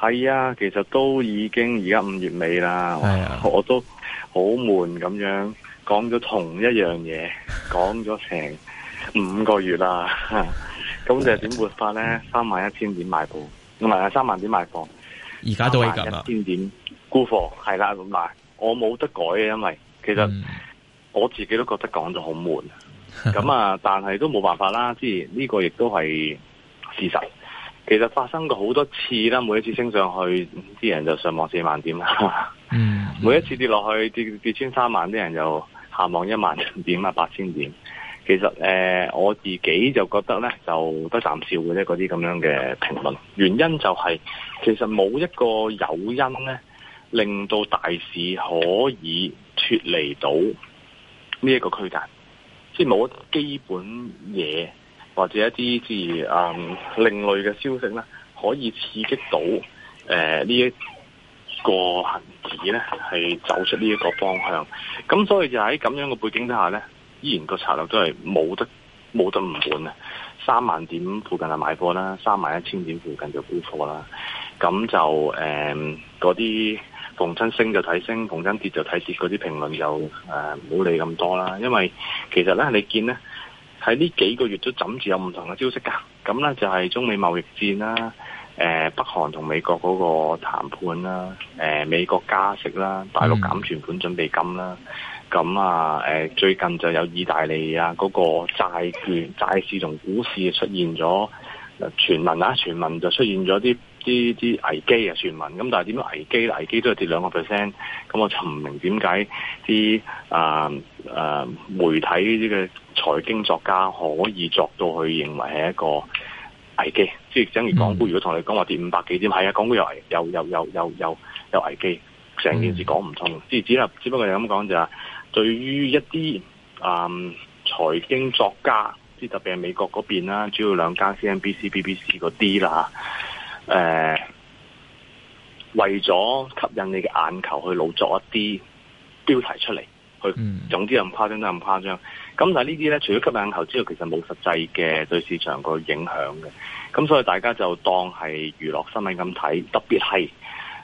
係啊，其實都已經而家五月尾啦、啊，我都好悶咁樣講咗同一樣嘢，講咗成五個月啦，咁 就活呢 點活法咧？三萬一千點賣股，唔係啊，三萬點賣貨，而家都係咁啊，一千點沽貨，係啦，咁嗱，我冇得改啊，因為其實我自己都覺得講咗好悶，咁 啊，但係都冇辦法啦，即係呢個亦都係事實。其實發生過好多次啦，每一次升上去，啲人就上望四萬點啦，嗯嗯，每一次跌落去，跌跌穿三萬，啲人就下望一萬點啊，八千點。其實，誒、呃，我自己就覺得呢，就得暫笑啫，嗰啲咁樣嘅評論。原因就係、是，其實冇一個誘因呢，令到大市可以脫離到呢一個區間，即係冇一個基本嘢。或者一啲之誒另類嘅消息咧，可以刺激到誒、呃這個、呢一個恆指咧，係走出呢一個方向。咁所以就喺咁樣嘅背景底下咧，依然個策略都係冇得冇得唔管啊！三萬點附近係買貨啦，三萬一千點附近就沽貨啦。咁就誒嗰啲逢親升就睇升，逢親跌就睇跌。嗰啲評論就唔好、呃、理咁多啦，因為其實咧你見咧。喺呢幾個月都枕住有唔同嘅消息㗎，咁呢就係中美貿易戰啦，誒北韓同美國嗰個談判啦，誒美國加息啦，大陸減存款準備金啦，咁啊誒最近就有意大利啊嗰個債券債市同股市出現咗傳聞啊，傳聞就出現咗啲啲啲危機啊，傳聞，咁但係點樣危機？危機都係跌兩個 percent，咁我就唔明點解啲啊啊媒體呢啲嘅。財經作家可以作到佢認為係一個危機，即、就、係、是、正如港股，如果同你講話跌五百幾點，係啊，港股又危，又又又又又又，又危機，成件事講唔通。即、嗯、係只係只，只，只不過係咁講就係、是，對於一啲嗯財經作家，即係特別係美國嗰邊啦，主要兩間 C N B C、B B C 嗰啲啦，誒，為咗吸引你嘅眼球去老作一啲標題出嚟，去、嗯、總之咁誇張都咁誇張。咁但係呢啲咧，除咗吸引眼球之外，其實冇實際嘅對市場個影響嘅。咁所以大家就當係娛樂新聞咁睇，特別係誒、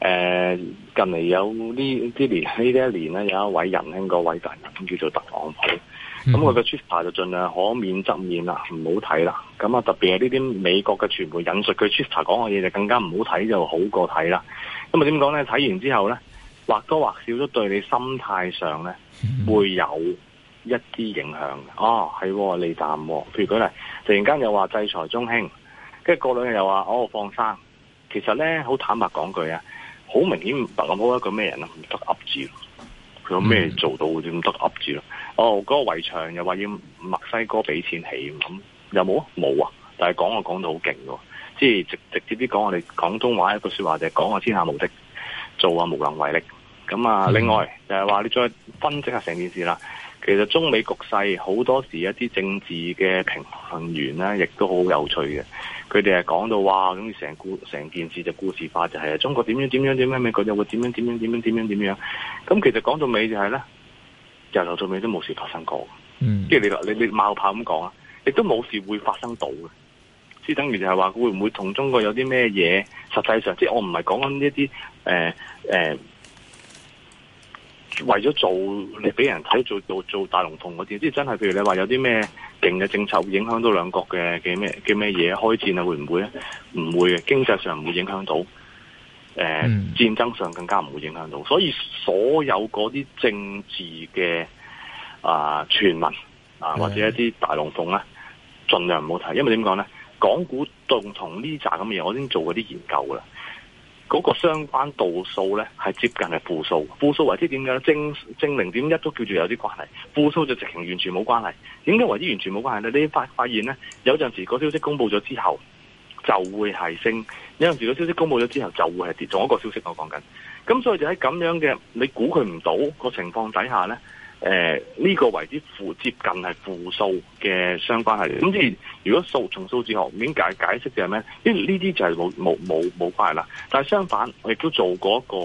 呃、近嚟有呢啲年呢一年咧，有一位仁兄、個偉大人叫做特朗普。咁佢個 Twitter 就儘量可免則免啦，唔好睇啦。咁啊，特別係呢啲美國嘅傳媒引述佢 Twitter 講嘅嘢，就更加唔好睇，就好過睇啦。咁啊，點講咧？睇完之後咧，或多或少都對你心態上咧會有。一啲影響啊哦，係、哦、利淡喎、哦。譬如佢嚟，突然間又話制裁中興，跟住過兩日又話哦放生。其實咧，好坦白講句啊，好明顯白咁冇一個咩人啊，唔得噏住佢有咩做到啲得噏住咯？哦，嗰、那個圍牆又話要墨西哥俾錢起咁，有冇啊？冇啊！但係講我講到好勁嘅，即係直直接啲講，我哋廣東話一個說話就係講我天下無敵，做啊無能為力咁啊、嗯。另外就係話你再分析下成件事啦。其實中美局勢好多時一啲政治嘅平衡員咧，亦都好有趣嘅。佢哋係講到哇，咁成故成件事就故事化，就是，就係中國點樣點樣點樣，美國又會點樣點樣點樣點樣點樣。咁其實講到尾就係咧，由頭到尾都冇事發生過。即、嗯、係你你你冒炮咁講啊，亦都冇事會發生到嘅。即係等於就係話，會唔會同中國有啲咩嘢？實際上，即係我唔係講緊呢啲誒誒。呃呃為咗做，你俾人睇做做做大龍鳳嗰啲，即係真係。譬如你話有啲咩勁嘅政策會影響到兩國嘅嘅咩嘅咩嘢開戰啊？會唔會咧？唔會嘅，經濟上唔會影響到。誒、呃，嗯、戰爭上更加唔會影響到。所以所有嗰啲政治嘅啊傳聞啊或者一啲大龍鳳咧，盡量唔好睇，因為點講咧？港股仲同呢扎咁嘅嘢，我已經做過啲研究噶啦。嗰個相關度數咧係接近係負數，負數為之點解咧？正正零點一都叫做有啲關係，負數就直情完全冇關係。點解為之完全冇關係咧？你發發現咧，有陣時個消息公布咗之，之後就會係升，有陣時個消息公布咗之後就會係跌。仲有一個消息我講緊，咁所以就喺咁樣嘅你估佢唔到個情況底下咧。誒、呃、呢、這個為之負接近係負數嘅相關係，總之如果數從數字學點解解釋就係咩？因為呢啲就係冇冇冇冇關係啦。但係相反，我亦都做過一個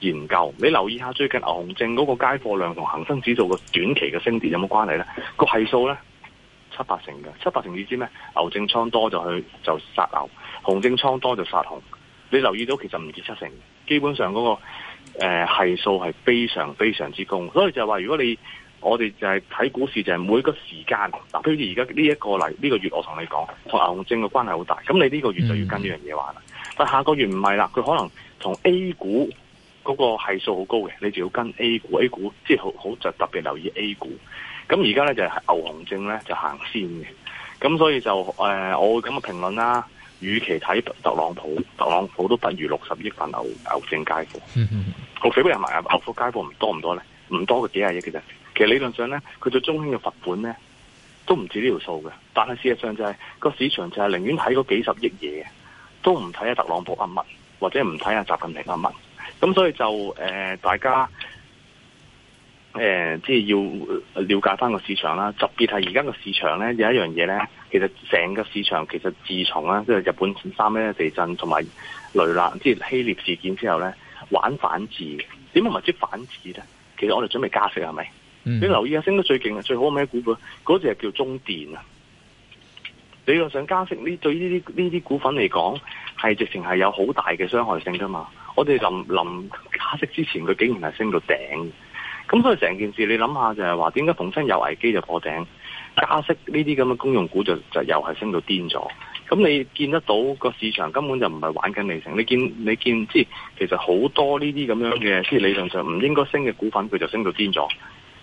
研究，你留意下最近牛熊證嗰個街貨量同恆生指數個短期嘅升跌有冇關係咧？個係數咧七八成嘅，七八成你知咩？牛證倉多就去就殺牛，熊證倉多就殺熊。你留意到其實唔止七成，基本上嗰、那個。誒，係數係非常非常之高，所以就話如果你我哋就係睇股市，就係、是、每個時間，嗱，譬如而家呢一個嚟呢、呢個月我，我同你講同牛熊證嘅關係好大，咁你呢個月就要跟呢樣嘢玩、嗯，但下個月唔係啦，佢可能同 A 股嗰個係數好高嘅，你就要跟 A 股，A 股即係好好就特別留意 A 股，咁而家咧就係牛熊證咧就先行先嘅，咁所以就誒、呃，我會咁嘅評論啦。與其睇特朗普，特朗普都不如六十億份牛牛證街貨。嗯嗯，個又埋啊，牛股街貨唔 多唔多咧，唔多嘅幾廿億嘅啫。其實理論上咧，佢對中興嘅罰款咧，都唔止呢條數嘅。但係事實上就係、是、個市場就係寧願睇嗰幾十億嘢，都唔睇下特朗普阿文，或者唔睇下習近平阿文。咁所以就誒、呃，大家。誒，即係要了解翻個市場啦，特別係而家個市場咧，有一樣嘢咧，其實成個市場其實自從啦，即係日本三咩地震同埋雷難，即係希臘事件之後咧，玩反市，點解唔係即反字咧？其實我哋準備加息係咪、嗯？你留意下升得最勁、最好咩股份嗰隻係叫中電啊！理論上加息？呢對呢啲呢啲股份嚟講，係直情係有好大嘅傷害性噶嘛。我哋臨臨加息之前，佢竟然係升到頂。咁所以成件事你諗下就係話點解逢親有危機就破頂加息呢啲咁嘅公用股就就又係升到癲咗。咁你見得到個市場根本就唔係玩緊理性。你見你見即係其實好多呢啲咁樣嘅，即係理論上唔應該升嘅股份，佢就升到癲咗。誒、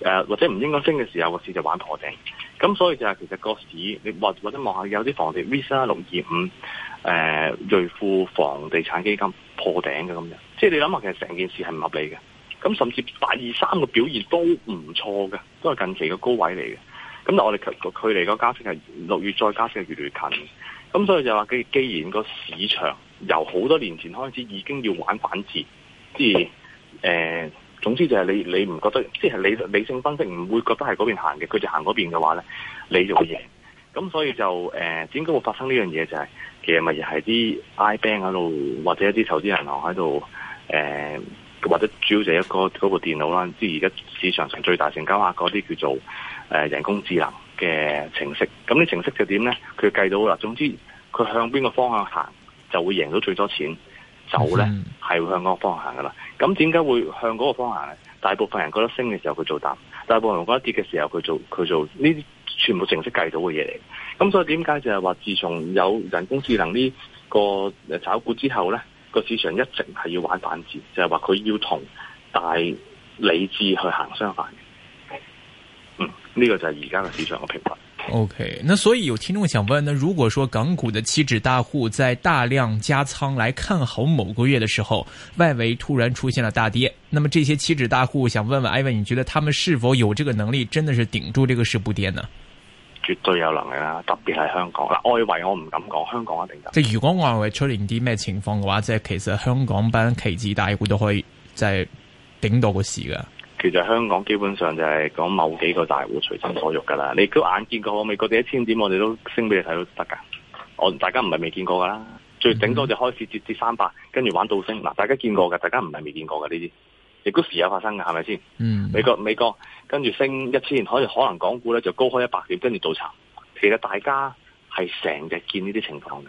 呃，或者唔應該升嘅時候個市就玩破頂。咁所以就係其實個市，你或或者望下有啲房地 Visa 六二五，誒、呃，瑞富房地產基金破頂嘅咁樣。即係你諗下，其實成件事係唔合理嘅。咁甚至八二三個表現都唔錯嘅，都係近期嘅高位嚟嘅。咁但我哋距距離嗰加息係六月再加息係越嚟越近，咁所以就話既既然個市場由好多年前開始已經要玩反折，即係誒總之就係你你唔覺得，即係理理性分析唔會覺得係嗰邊行嘅，佢就行嗰邊嘅話咧，你就會贏。咁所以就誒點解會發生呢樣嘢就係其實咪係啲 I bank 喺度，或者一啲投資銀行喺度誒。呃或者主要就係一個嗰部電腦啦，即係而家市場上最大成交額嗰啲叫做誒人、呃、工智能嘅程式。咁呢程式就點咧？佢計到啦。總之佢向邊個方向行，就會贏到最多錢。走咧係會向嗰個方向行噶啦。咁點解會向嗰個方向咧？大部分人覺得升嘅時候佢做淡，大部分人覺得跌嘅時候佢做佢做呢啲全部程式計到嘅嘢嚟。咁所以點解就係、是、話自從有人工智能呢個炒股之後咧？個市場一直係要玩反戰，就係話佢要同大理智去行相反嘅，嗯，呢、這個就係而家嘅市場嘅評論。O、okay, K，那所以有聽眾想問，呢，如果說港股的期指大戶在大量加倉來看好某個月的時候，外圍突然出現了大跌，那麼這些期指大戶想問問 Ivan，哎，你覺得他們是否有這個能力，真的是頂住這個市不跌呢？絕對有能力啦，特別係香港啦。外圍我唔敢講，香港一定得。即係如果外圍出現啲咩情況嘅話，即係其實香港班期指大戶都可以，即、就、係、是、頂到個市㗎。其實香港基本上就係講某幾個大戶隨心所欲噶啦、嗯。你都眼見過，美國第一千點我哋都升俾你睇都得㗎。我大家唔係未見過㗎啦。最頂多就開始跌跌三百，跟住玩倒升嗱，大家見過㗎，大家唔係未見過㗎呢啲。亦都時有發生㗎，係咪先？美國美國跟住升一千，可以可能港股咧就高開一百點，跟住倒慘。其實大家係成日見呢啲情況嘅，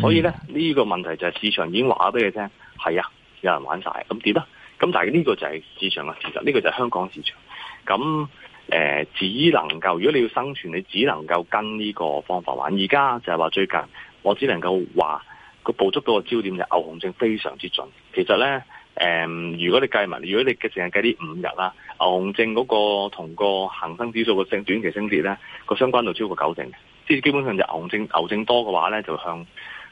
所以咧呢、呢個問題就係市場已經話俾你聽，係啊，有人玩晒，咁點啦？咁但係呢個就係市場嘅其實，呢個就係香港市場。咁誒、呃，只能夠如果你要生存，你只能夠跟呢個方法玩。而家就係話最近，我只能夠話個捕捉到嘅焦點係牛熊證非常之準。其實咧。誒、嗯，如果你計埋，如果你嘅淨係計呢五日啦，牛熊證嗰個同個恒生指數個升短期升跌咧，個相關度超過九成，即係基本上就牛熊牛證多嘅話咧，就向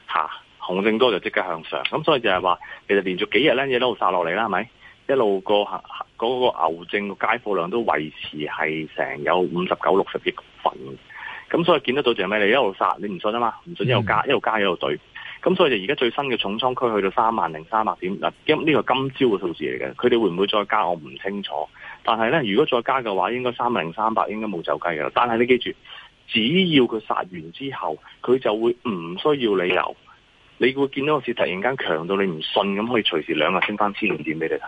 下，熊、啊、證多就即刻向上。咁所以就係話，其實連續幾日咧，嘢一路殺落嚟啦，係咪？一路、嗰個嗰、嗰個牛證個街貨量都維持係成有五十九六十億份的，咁所以見得到就係咩？你一路殺，你唔信啊嘛，唔信一路加、嗯、加，一路加一路對。咁所以就而家最新嘅重倉區去到三萬零三百點嗱，因今呢個今朝嘅數字嚟嘅，佢哋會唔會再加我唔清楚。但係呢，如果再加嘅話，應該三萬零三百應該冇走雞嘅。但係你記住，只要佢殺完之後，佢就會唔需要理由。你會見到個市突然間強到你唔信，咁可以隨時兩日升翻千零點俾你睇。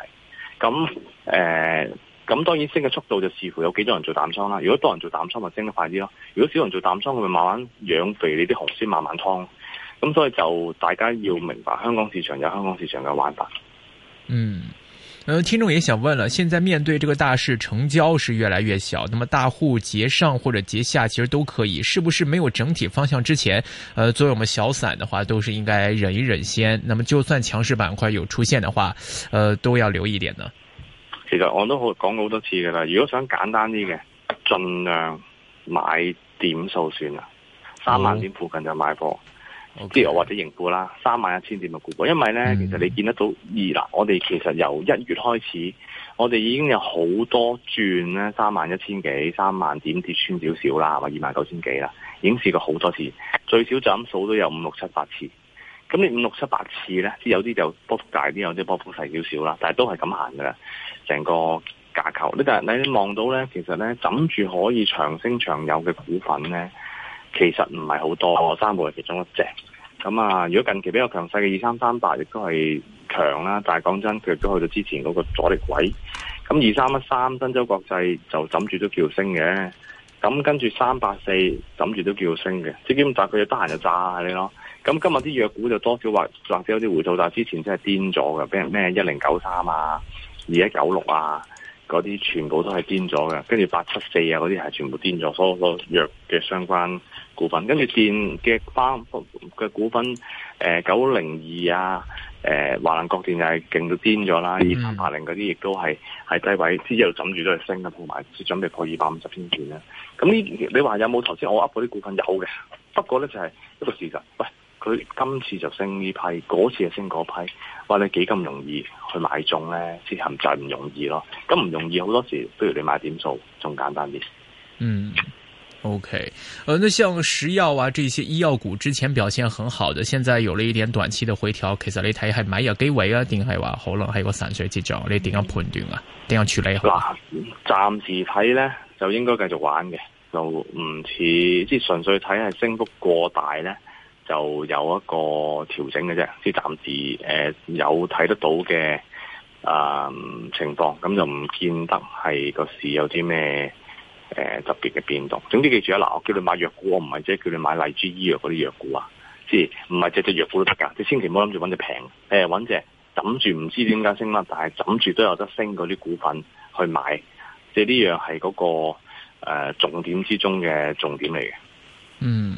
咁誒，咁、呃、當然升嘅速度就視乎有幾多人做淡倉啦。如果多人做淡倉，咪升得快啲咯。如果少人做淡倉，佢咪慢慢養肥你啲雄師，慢慢倉咁所以就大家要明白香港市場有香港市場嘅玩法。嗯，呃，聽眾也想問了，現在面對這個大市成交是越來越小，那麼大戶結上或者結下其實都可以，是不是沒有整體方向之前，呃，作為我們小散的話，都是應該忍一忍先。那麼就算強勢板塊有出現的話，呃，都要留意一點呢。其實我都好講過好多次嘅啦，如果想簡單啲嘅，盡量買點數算啦，三萬點附近就買貨。嗯即、okay. 係或者盈富啦，三萬一千點嘅股博，因為咧，mm-hmm. 其實你見得到二嗱，我哋其實由一月開始，我哋已經有好多轉咧，三萬一千幾、三萬點跌穿少少啦，或二萬九千幾啦，已經試過好多次，最少斬數都有五六七八次。咁你五六七八次咧，即有啲就波幅大啲，有啲波幅細少少啦，但係都係咁行㗎啦，成個架構。你但係你望到咧，其實咧枕住可以長升長有嘅股份咧。其實唔係好多，三個係其中一隻。咁啊，如果近期比較強勢嘅二三三八亦都係強啦、啊，但係講真，佢亦都去到之前嗰個阻力位。咁二三一三，新洲國際就枕住都叫升嘅。咁跟住三八四枕住都叫升嘅。即係咁，炸佢就得閒就炸下你咯。咁今日啲藥股就多少或或者有啲回吐，但係之前真係癲咗嘅，俾人咩一零九三啊，二一九六啊。嗰啲全部都係癲咗嘅，跟住八七四啊，嗰啲係全部癲咗，所有藥嘅相關股份，跟住電嘅包嘅股份，誒九零二啊，誒、呃、華能國電又係勁到癲咗啦，二三八零嗰啲亦都係係低位，先又枕住都去升，同埋先準備破二百五十天線啦。咁呢，你話有冇頭先我 up 嗰啲股份有嘅？不過咧就係、是、一個事實，喂。佢今次就升呢批，嗰次就升嗰批，話你幾咁容易去買中咧，接近就唔、是、容易咯。咁唔容易，好多時不如你買點數，仲簡單啲。嗯，OK，誒、呃，那像石藥啊，這些醫藥股之前表現很好的，現在有了一點短期的回調，其實你睇係買入機會啊，定係話可能係個散水跡象，你點樣判斷啊？點樣處理好？嗱、呃，暫時睇咧就應該繼續玩嘅，就唔似即係純粹睇係升幅過大咧。就有一個調整嘅啫，即係暫時誒、呃、有睇得到嘅啊、呃、情況，咁就唔見得係個市有啲咩誒特別嘅變動。總之記住啊，嗱，我叫你買藥股，我唔係即係叫你買麗珠醫藥嗰啲藥股啊，即係唔係隻隻藥股都得㗎，你千祈唔好諗住揾隻平誒揾隻枕住唔知點解升啦，但係枕住都有得升嗰啲股份去買，即係呢樣係嗰個誒、呃、重點之中嘅重點嚟嘅。嗯。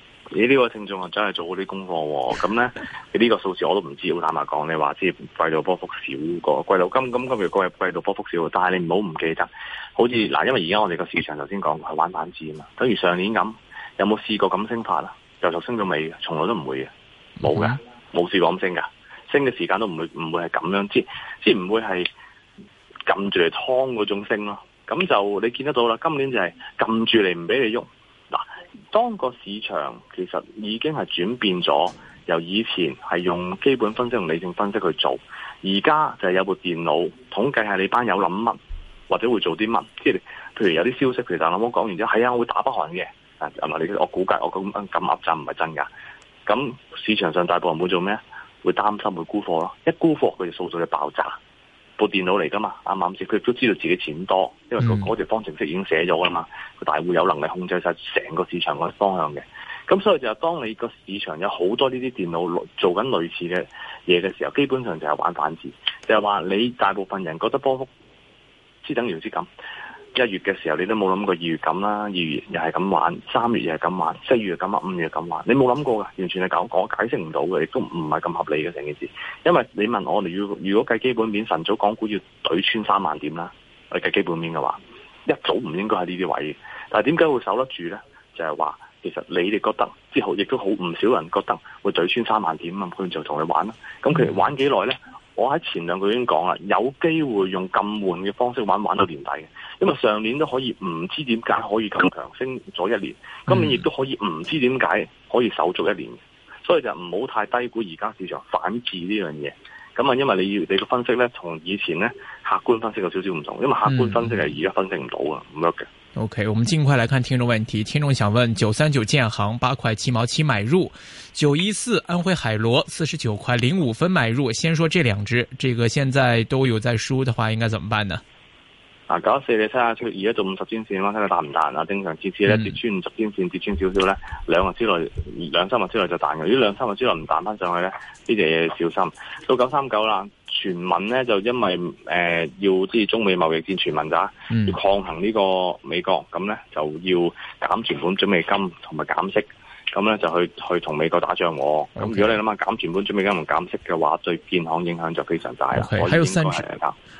你呢個聽眾啊，真係做好啲功課喎！咁咧，呢個數字我都唔知，好坦白講咧，話之貴到波幅少過，貴到金咁今日個貴到波幅少，但係你唔好唔記得，好似嗱，因為而家我哋個市場頭先講係玩板子啊嘛，等如上年咁，有冇試過咁升法啊？由頭升到尾，從來都唔會嘅，冇嘅，冇、啊、試過咁升噶，升嘅時間都唔會唔會係咁樣，即即唔會係撳住嚟劏嗰種升咯。咁就你見得到啦，今年就係撳住嚟唔俾你喐。當個市場其實已經係轉變咗，由以前係用基本分析同理性分析去做，而家就係有部電腦統計下你班友諗乜，或者會做啲乜，即係譬如有啲消息，其實我講完之後，係啊，我會打北韓嘅，你，我估計我咁咁噏真唔係真㗎，咁市場上大部分人會做咩？會擔心會沽貨咯，一沽貨佢哋數數就的爆炸。部電腦嚟噶嘛，啱啱字，佢亦都知道自己錢多，因為個嗰條方程式已經寫咗㗎嘛，佢大戶有能力控制晒成個市場個方向嘅。咁所以就係當你個市場有好多呢啲電腦做緊類似嘅嘢嘅時候，基本上就係玩反字，就係話你大部分人覺得波幅之等於之咁。一月嘅時候，你都冇諗過二月咁啦，二月又係咁玩，三月又係咁玩，四月又咁玩，五月咁玩，你冇諗過㗎，完全係搞，講解釋唔到嘅，亦都唔係咁合理嘅成件事。因為你問我，哋要如果計基本面，晨早港股要對穿三萬點啦，計基本面嘅話，一早唔應該係呢啲位。但係點解會守得住咧？就係話，其實你哋覺得之後，亦都好唔少人覺得會對穿三萬點啊，佢就同你玩啦。咁其實玩幾耐咧？我喺前兩句已經講啦，有機會用咁緩嘅方式玩，玩到年底嘅。因為上年都可以唔知點解可以咁強升咗一年，今年亦都可以唔知點解可以守住一年嘅，所以就唔好太低估而家市場反智呢樣嘢。咁啊，因為你要你嘅分析咧，同以前咧客觀分析有少少唔同，因為客觀分析係而家分析唔到啊，唔樣嘅。OK，我們盡快來看聽眾問題。聽眾想問：九三九建行八塊七毛七買入，九一四安徽海螺四十九塊零五分買入。先說這兩隻，這個現在都有在輸的話，應該怎麼辦呢？啊、嗯，九一四你睇下出而家到五十天線，你睇下彈唔彈啊？正常次次咧跌穿五十天線，跌穿少少咧，兩日之內、兩三日之內就彈嘅。如果兩三日之內唔彈翻上去咧，呢隻嘢小心。到九三九啦。全民呢，就因為誒、呃、要即中美貿易戰全民咋、嗯，要抗衡呢個美國，咁呢，就要減存款準備金同埋減息，咁呢，就去去同美國打仗。咁、okay. 如果你諗下減存款準備金同減息嘅話，對建行影響就非常大啦。還有三，誒、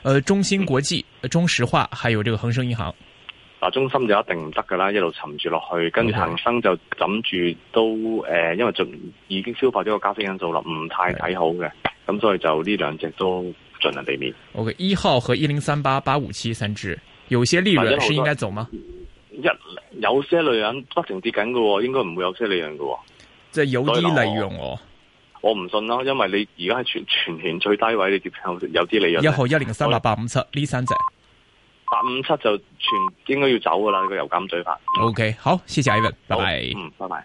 嗯，中芯國際、中石化，還有這個恒生銀行。嗱，中心就一定唔得噶啦，一路沉住落去，跟住恒生就枕住都誒、呃，因為就已經消化咗個加息因素啦，唔太睇好嘅，咁所以就呢兩隻都盡量避免。OK，一號和一零三八八五七三隻，有些利潤是應該走嗎？人一有些利潤不停跌緊噶，應該唔會有些利潤噶，即係有啲利潤我我唔信啦，因為你而家係全全年最低位，你接有有啲利潤。一號一零、okay. 三八八五七呢三隻。八五七就全應該要走㗎喇，呢個油減嘴法。OK，好，多謝 Ivan，拜拜。嗯，拜拜。